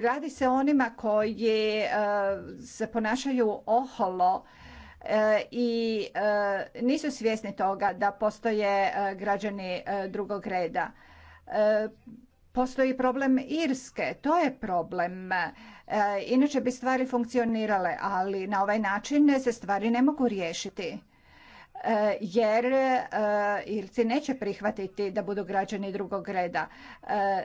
radi se o onima koji e, se ponašaju oholo i nisu svjesni toga da postoje građani drugog reda. Postoji problem Irske, to je problem. Inače bi stvari funkcionirale, ali na ovaj način se stvari ne mogu riješiti. E, jer e, Irci neće prihvatiti da budu građani drugog reda e,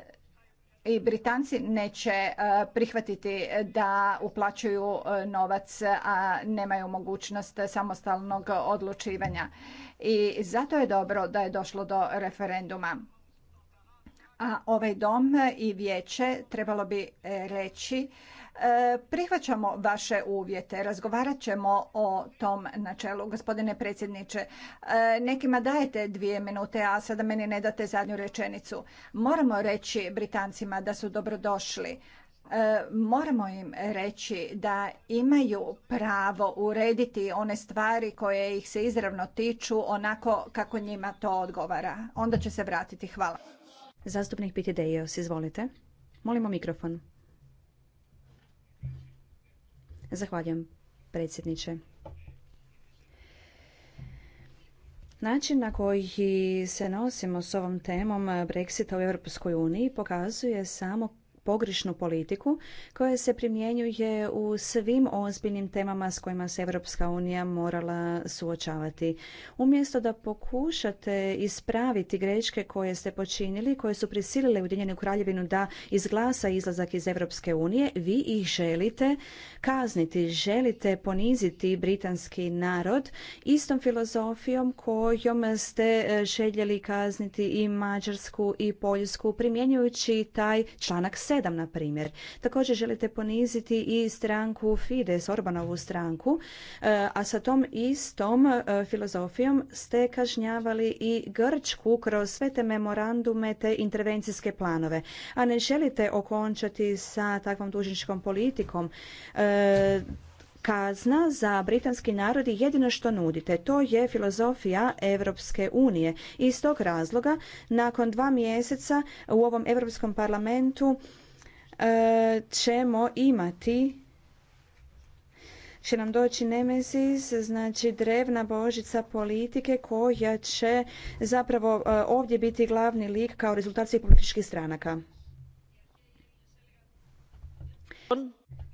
i Britanci neće prihvatiti da uplaćuju novac, a nemaju mogućnost samostalnog odlučivanja. I zato je dobro da je došlo do referenduma. A ovaj dom i vijeće trebalo bi reći E, prihvaćamo vaše uvjete, razgovarat ćemo o tom načelu, gospodine predsjedniče. E, nekima dajete dvije minute, a sada meni ne date zadnju rečenicu. Moramo reći Britancima da su dobrodošli e, moramo im reći da imaju pravo urediti one stvari koje ih se izravno tiču onako kako njima to odgovara. Onda će se vratiti. Hvala. Zastupnik Dejos, izvolite. Molimo mikrofon. Zahvaljujem predsjedniče. Način na koji se nosimo s ovom temom Brexita u Europskoj uniji pokazuje samo pogrešnu politiku koja se primjenjuje u svim ozbiljnim temama s kojima se Europska unija morala suočavati. Umjesto da pokušate ispraviti greške koje ste počinili, koje su prisilile Ujedinjenu kraljevinu da izglasa izlazak iz Europske unije, vi ih želite kazniti, želite poniziti britanski narod istom filozofijom kojom ste e, željeli kazniti i Mađarsku i Poljsku primjenjujući taj članak 7 7, na primjer. Također želite poniziti i stranku Fides, Orbanovu stranku, e, a sa tom istom e, filozofijom ste kažnjavali i Grčku kroz sve te memorandume te intervencijske planove. A ne želite okončati sa takvom dužničkom politikom e, kazna za britanski narod jedino što nudite. To je filozofija Europske unije. Iz tog razloga, nakon dva mjeseca u ovom Europskom parlamentu E, ćemo imati će nam doći Nemezis, znači drevna božica politike koja će zapravo e, ovdje biti glavni lik kao rezultat svih političkih stranaka.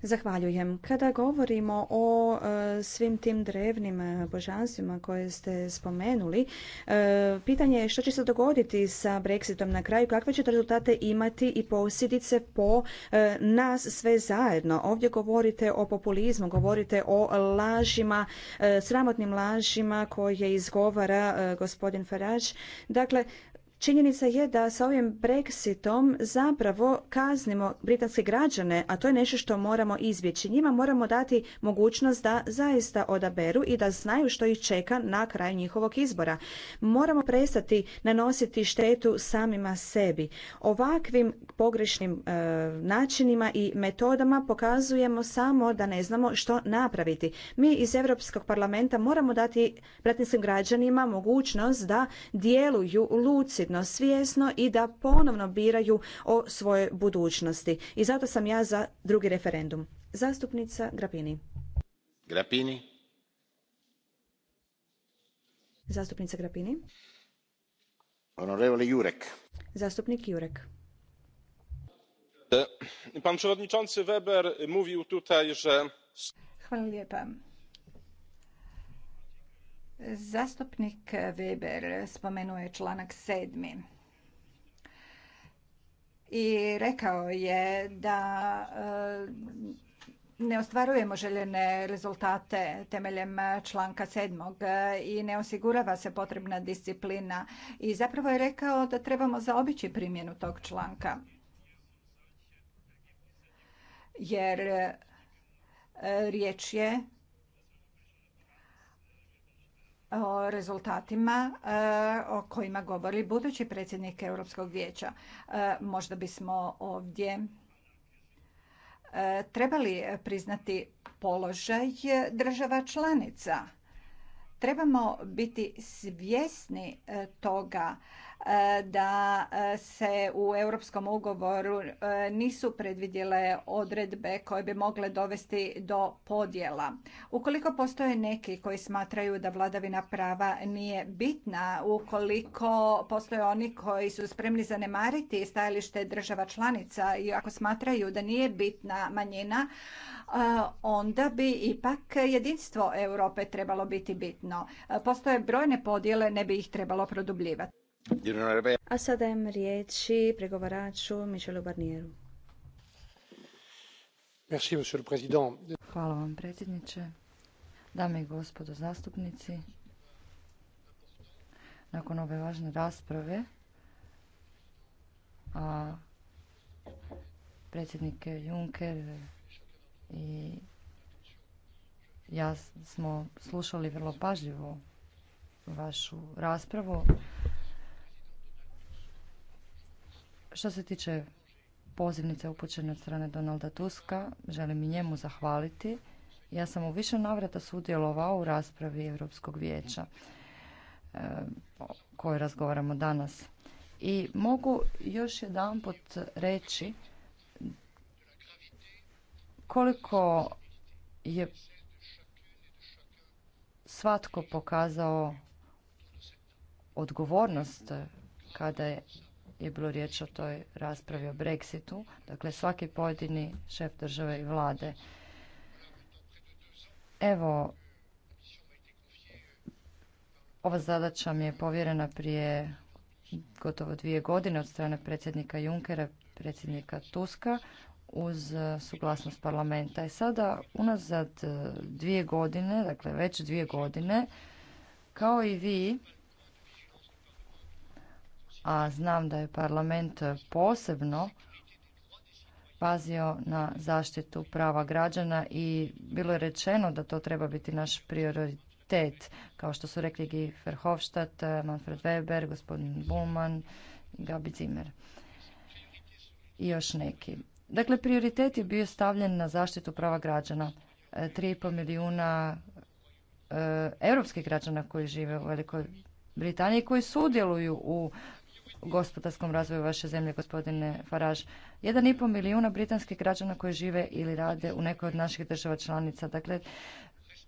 Zahvaljujem. Kada govorimo o e, svim tim drevnim e, božanstvima koje ste spomenuli, e, pitanje je što će se dogoditi sa Brexitom na kraju, kakve će rezultate imati i posljedice po nas sve zajedno. Ovdje govorite o populizmu, govorite o lažima, sramotnim lažima koje izgovara gospodin Farage. Dakle, Činjenica je da sa ovim Brexitom zapravo kaznimo britanske građane, a to je nešto što moramo izbjeći. Njima moramo dati mogućnost da zaista odaberu i da znaju što ih čeka na kraju njihovog izbora. Moramo prestati nanositi štetu samima sebi. Ovakvim pogrešnim e, načinima i metodama pokazujemo samo da ne znamo što napraviti. Mi iz Europskog parlamenta moramo dati britanskim građanima mogućnost da djeluju luci dosljedno, svjesno i da ponovno biraju o svojoj budućnosti. I zato sam ja za drugi referendum. Zastupnica Grapini. Grapini. Zastupnica Grapini. Honorevole Jurek. Zastupnik Jurek. E, pan przewodniczący Weber mówił tutaj, że... Hvala lijepa. Zastupnik Weber spomenuo je članak sedmi i rekao je da e, ne ostvarujemo željene rezultate temeljem članka sedmog e, i ne osigurava se potrebna disciplina i zapravo je rekao da trebamo zaobići primjenu tog članka jer e, riječ je o rezultatima e, o kojima govori budući predsjednik Europskog vijeća. E, možda bismo ovdje e, trebali priznati položaj država članica. Trebamo biti svjesni toga da e, se u europskom ugovoru e, nisu predvidjele odredbe koje bi mogle dovesti do podjela. Ukoliko postoje neki koji smatraju da vladavina prava nije bitna, ukoliko postoje oni koji su spremni zanemariti stajalište država članica i ako smatraju da nije bitna manjina, e, onda bi ipak jedinstvo Europe trebalo biti bitno. Postoje brojne podjele, ne bi ih trebalo produbljivati. A sada im riječi pregovaraču Michelu Barnieru. Hvala vam predsjedniče, dame i gospodo zastupnici. Nakon ove važne rasprave, a predsjednike Juncker i ja smo slušali vrlo pažljivo vašu raspravu. Što se tiče pozivnice upućene od strane Donalda Tuska, želim i njemu zahvaliti. Ja sam u više navrata sudjelovao u raspravi Europskog vijeća e, o kojoj razgovaramo danas. I mogu još jedanput reći koliko je svatko pokazao odgovornost kada je je bilo riječ o toj raspravi o Brexitu. Dakle, svaki pojedini šef države i vlade. Evo, ova zadaća mi je povjerena prije gotovo dvije godine od strane predsjednika Junkera, predsjednika Tuska, uz suglasnost parlamenta. I sada, unazad e, dvije godine, dakle već dvije godine, kao i vi, a znam da je parlament posebno pazio na zaštitu prava građana i bilo je rečeno da to treba biti naš prioritet, kao što su rekli Guy Verhofstadt, Manfred Weber, gospodin Buman, Gabi Zimmer i još neki. Dakle, prioritet je bio stavljen na zaštitu prava građana. 3,5 e, milijuna e, europskih građana koji žive u Velikoj Britaniji koji sudjeluju u gospodarskom razvoju vaše zemlje, gospodine Faraž. 1,5 milijuna britanskih građana koji žive ili rade u nekoj od naših država članica. Dakle,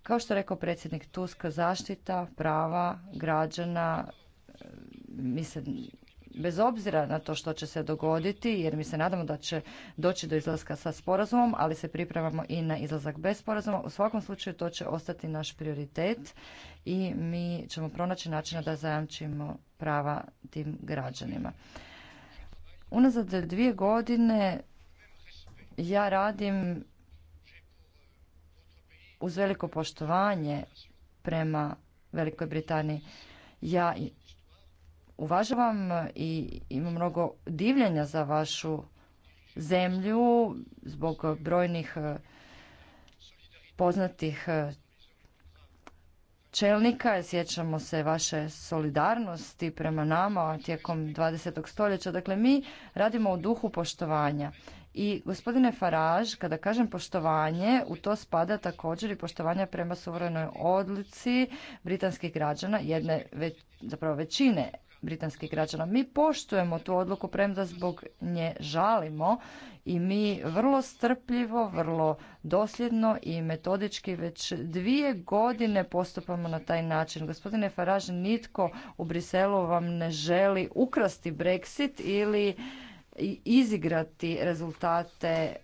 kao što je rekao predsjednik Tusk, zaštita prava građana e, mislim, bez obzira na to što će se dogoditi, jer mi se nadamo da će doći do izlaska sa sporazumom, ali se pripremamo i na izlazak bez sporazuma. U svakom slučaju to će ostati naš prioritet i mi ćemo pronaći načina da zajamčimo prava tim građanima. Unazad dvije godine ja radim uz veliko poštovanje prema Velikoj Britaniji. Ja uvažavam i imam mnogo divljenja za vašu zemlju zbog brojnih e, poznatih e, čelnika. Sjećamo se vaše solidarnosti prema nama tijekom 20. stoljeća. Dakle, mi radimo u duhu poštovanja. I gospodine Faraž, kada kažem poštovanje, u to spada također i poštovanje prema suverenoj odluci britanskih građana, jedne već, zapravo većine britanskih građana. Mi poštujemo tu odluku, premda zbog nje žalimo i mi vrlo strpljivo, vrlo dosljedno i metodički već dvije godine postupamo na taj način. Gospodine Farage, nitko u Briselu vam ne želi ukrasti Brexit ili izigrati rezultate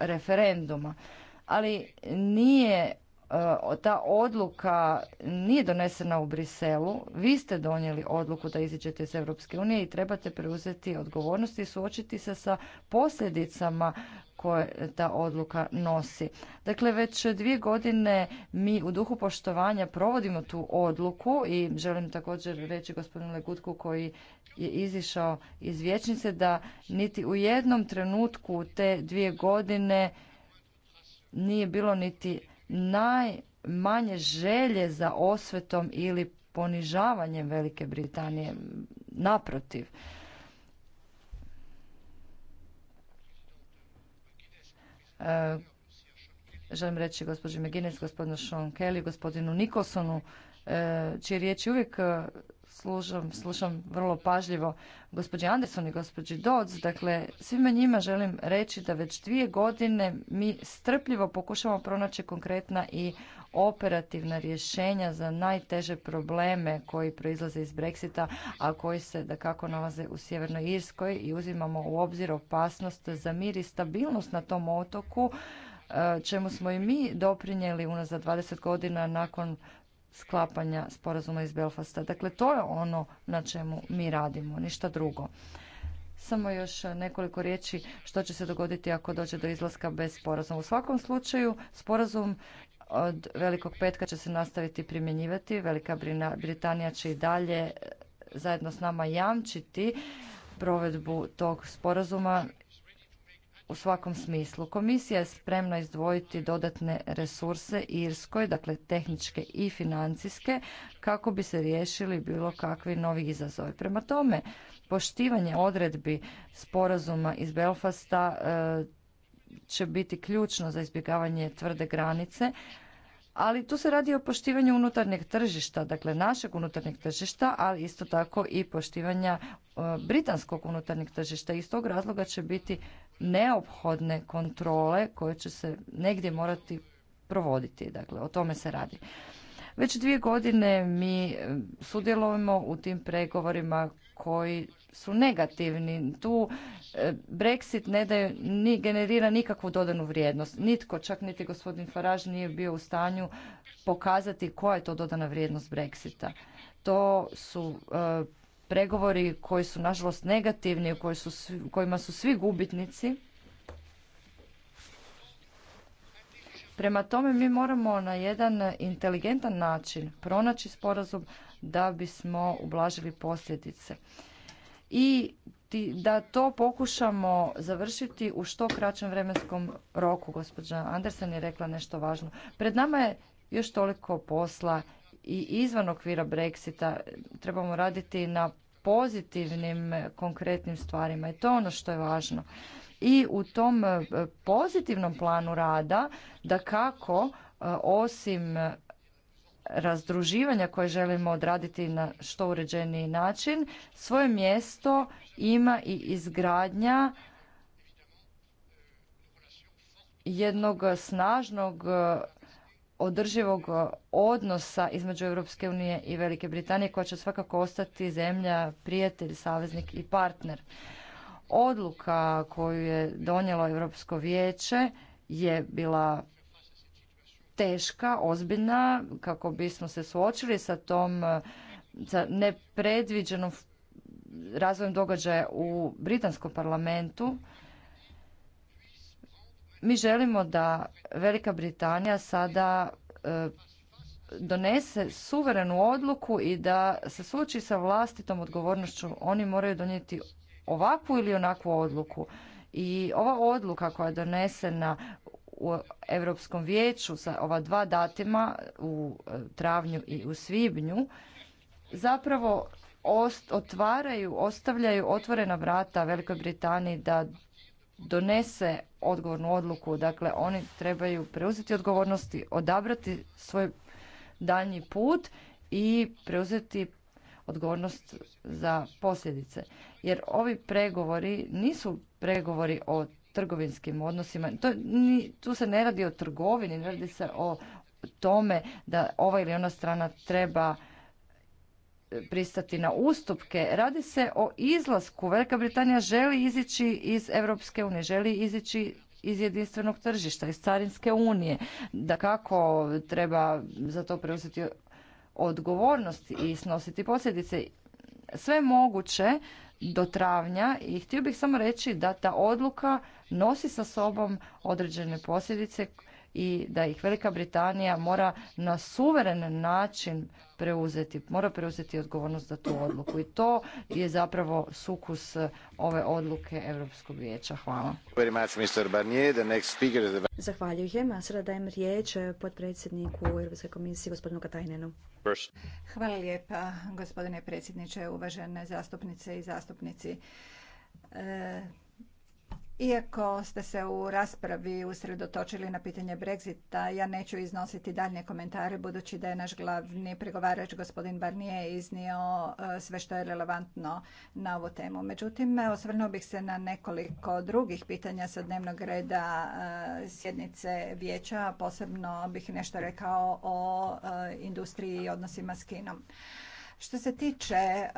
referenduma. Ali nije E, ta odluka nije donesena u Briselu, vi ste donijeli odluku da iziđete iz Europske unije i trebate preuzeti odgovornost i suočiti se sa posljedicama koje ta odluka nosi. Dakle, već dvije godine mi u duhu poštovanja provodimo tu odluku i želim također reći gospodinu Legutku koji je izišao iz vječnice da niti u jednom trenutku te dvije godine nije bilo niti najmanje želje za osvetom ili ponižavanjem Velike Britanije. Naprotiv. E, želim reći gospođi McGuinness, gospodinu Sean Kelly, gospodinu Nicholsonu, e, čije riječi uvijek slušam, slušam vrlo pažljivo gospođi Anderson i gospođi Dodds. Dakle, svima njima želim reći da već dvije godine mi strpljivo pokušavamo pronaći konkretna i operativna rješenja za najteže probleme koji proizlaze iz Brexita, a koji se da kako nalaze u Sjevernoj Irskoj i uzimamo u obzir opasnost za mir i stabilnost na tom otoku e, čemu smo i mi doprinijeli unazad 20 godina nakon sklapanja sporazuma iz Belfasta. Dakle, to je ono na čemu mi radimo, ništa drugo. Samo još nekoliko riječi što će se dogoditi ako dođe do izlaska bez sporazuma. U svakom slučaju, sporazum od velikog petka će se nastaviti primjenjivati. Velika Britanija će i dalje zajedno s nama jamčiti provedbu tog sporazuma u svakom smislu. Komisija je spremna izdvojiti dodatne resurse Irskoj, dakle tehničke i financijske, kako bi se riješili bilo kakvi novi izazovi. Prema tome, poštivanje odredbi sporazuma iz Belfasta e, će biti ključno za izbjegavanje tvrde granice, ali tu se radi o poštivanju unutarnjeg tržišta, dakle našeg unutarnjeg tržišta, ali isto tako i poštivanja e, britanskog unutarnjeg tržišta. Iz tog razloga će biti neophodne kontrole koje će se negdje morati provoditi. Dakle, o tome se radi. Već dvije godine mi sudjelujemo u tim pregovorima koji su negativni. Tu Brexit ne daje, ni generira nikakvu dodanu vrijednost. Nitko, čak niti gospodin Farage nije bio u stanju pokazati koja je to dodana vrijednost Brexita. To su pregovori koji su nažalost negativni, u kojima su svi gubitnici. Prema tome mi moramo na jedan inteligentan način pronaći sporazum da bismo ublažili posljedice. I da to pokušamo završiti u što kraćem vremenskom roku. Gospođa Andersen je rekla nešto važno. Pred nama je još toliko posla i izvan okvira Brexita. Trebamo raditi na pozitivnim, konkretnim stvarima i to je ono što je važno. I u tom e, pozitivnom planu rada, da kako, e, osim razdruživanja koje želimo odraditi na što uređeniji način, svoje mjesto ima i izgradnja jednog snažnog e, održivog e, odnosa između Europske unije i Velike Britanije koja će svakako ostati zemlja, prijatelj, saveznik i partner. Odluka koju je donijelo Europsko vijeće je bila teška, ozbiljna kako bismo se suočili sa tom e, sa nepredviđenom razvojem događaja u britanskom parlamentu mi želimo da Velika Britanija sada e, donese suverenu odluku i da se suoči sa vlastitom odgovornošću. Oni moraju donijeti ovakvu ili onakvu odluku. I ova odluka koja je donesena u Europskom vijeću sa ova dva datima u e, travnju i u svibnju zapravo otvaraju, ostavljaju otvorena vrata Velikoj Britaniji da donese odgovornu odluku, dakle oni trebaju preuzeti odgovornosti, odabrati svoj daljnji put i preuzeti odgovornost za posljedice. Jer ovi pregovori nisu pregovori o trgovinskim odnosima. To, ni, tu se ne radi o trgovini, ne radi se o tome da ova ili ona strana treba pristati na ustupke. Radi se o izlasku. Velika Britanija želi izići iz Europske unije, želi izići iz jedinstvenog tržišta, iz carinske unije. Da kako treba za to preuzeti odgovornost i snositi posljedice. Sve moguće do travnja i htio bih samo reći da ta odluka nosi sa sobom određene posljedice i da ih Velika Britanija mora na suveren način preuzeti, mora preuzeti odgovornost za tu odluku i to je zapravo sukus e, ove odluke Europskog vijeća. Hvala. Zahvaljujem, a sada dajem riječ e, potpredsjedniku Europske komisije gospodinu Katajnenu. Hvala lijepa gospodine predsjedniče, uvažene zastupnice i zastupnici. E, iako ste se u raspravi usredotočili na pitanje Brexita, ja neću iznositi daljnje komentare budući da je naš glavni pregovarač gospodin Barnier iznio e, sve što je relevantno na ovu temu. Međutim, osvrnuo bih se na nekoliko drugih pitanja sa dnevnog reda e, sjednice vijeća, posebno bih nešto rekao o e, industriji i odnosima s Kinom. Što se tiče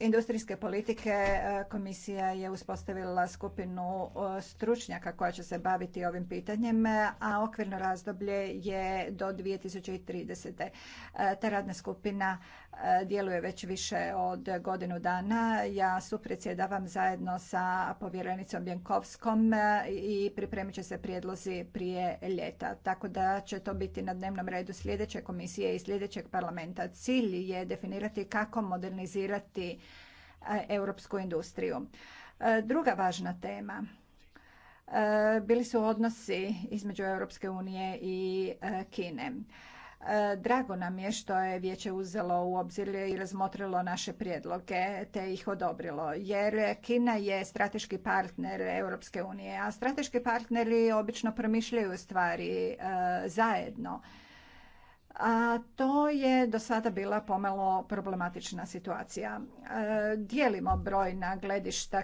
industrijske politike e, komisija je uspostavila skupinu e, stručnjaka koja će se baviti ovim pitanjem, e, a okvirno razdoblje je do 2030. Ta radna skupina djeluje već više od godinu dana. Ja supredsjedavam zajedno sa povjerenicom Bjenkovskom i pripremit će se prijedlozi prije ljeta. Tako da će to biti na dnevnom redu sljedeće komisije i sljedećeg parlamenta. Cilj je definirati kako modernizirati e, europsku industriju. E, druga važna tema e, bili su odnosi između Europske unije i Kine. E, drago nam je što je vijeće uzelo u obzir i razmotrilo naše prijedloge te ih odobrilo, jer Kina je strateški partner Europske unije, a strateški partneri obično promišljaju stvari e, zajedno. A to je do sada bila pomalo problematična situacija. E, dijelimo brojna gledišta